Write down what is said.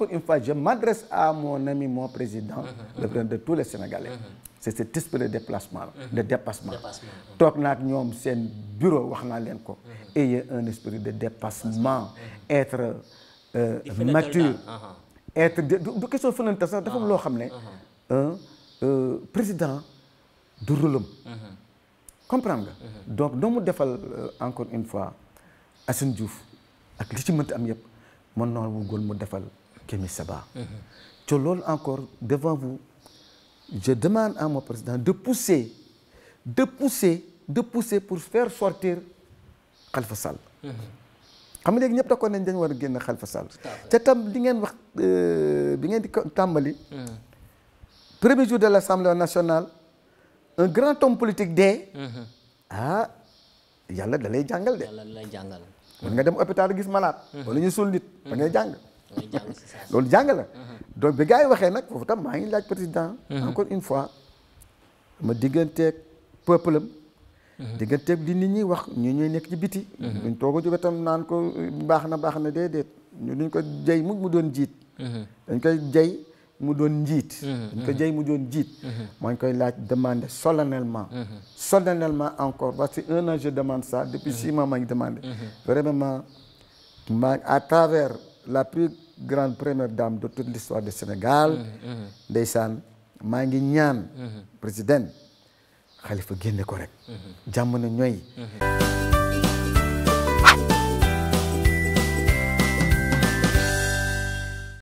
encore une fois, je m'adresse à mon ami, mon président, uh-huh, uh-huh. le président de tous les Sénégalais. Uh-huh. c'est cet esprit de déplacement de dépassement toog naa ñoom seen bureau wax naa leen ko ayez un esprit de dépassement être euh, mature être du question fenante sax dafa am loo xam ne euh, président du rôlam comprendre nga donc doomu defal euh, encore une fois Assane Diouf ak li ci mënta am yëpp mën naa wul mu defal Kémi Seba. Mhm. te loolu encore devant vous je demande à mon président de pousser de pousser pour faire sortir Khalifa Sall. Mhm. xam nga léegi ñëpp d'accord nañ dañ war a génn Khalifa Sall. te tam li ngeen wax euh, bi ngeen di tàmbali. Mhm. premier jour de l'Assemblée nationale un grand homme politique dee. ah yàlla da lay jàngal de. yàlla da lay jàngal. nga dem hôpital gis malade. wala ñu suul nit da jàng. loolu jàng la uh-huh. donc bi gars yi waxee nag foofu tam maa ngi laaj président uh-huh. encore une fois ma digganteeg peuple am uh-huh. digganteeg li nit ñi wax ñu ñuy nekk ci biti duñ tooga jóge naan ko baax na baax na déedéet ñu nuñ ko jay mu mu doon jiit dañ koy jay mu doon njiit jay mu doon jiit maa ngi koy laaj demandé solennellement solennellement encore parce que un an je demande ça depuis six mois maa ngi demandé vraiment maa à travers la plus grande première dame de toute l'histoire du Sénégal mm-hmm, mm-hmm. san maa ngi ñaan mm-hmm. président xalifa génne ko rek na ñooy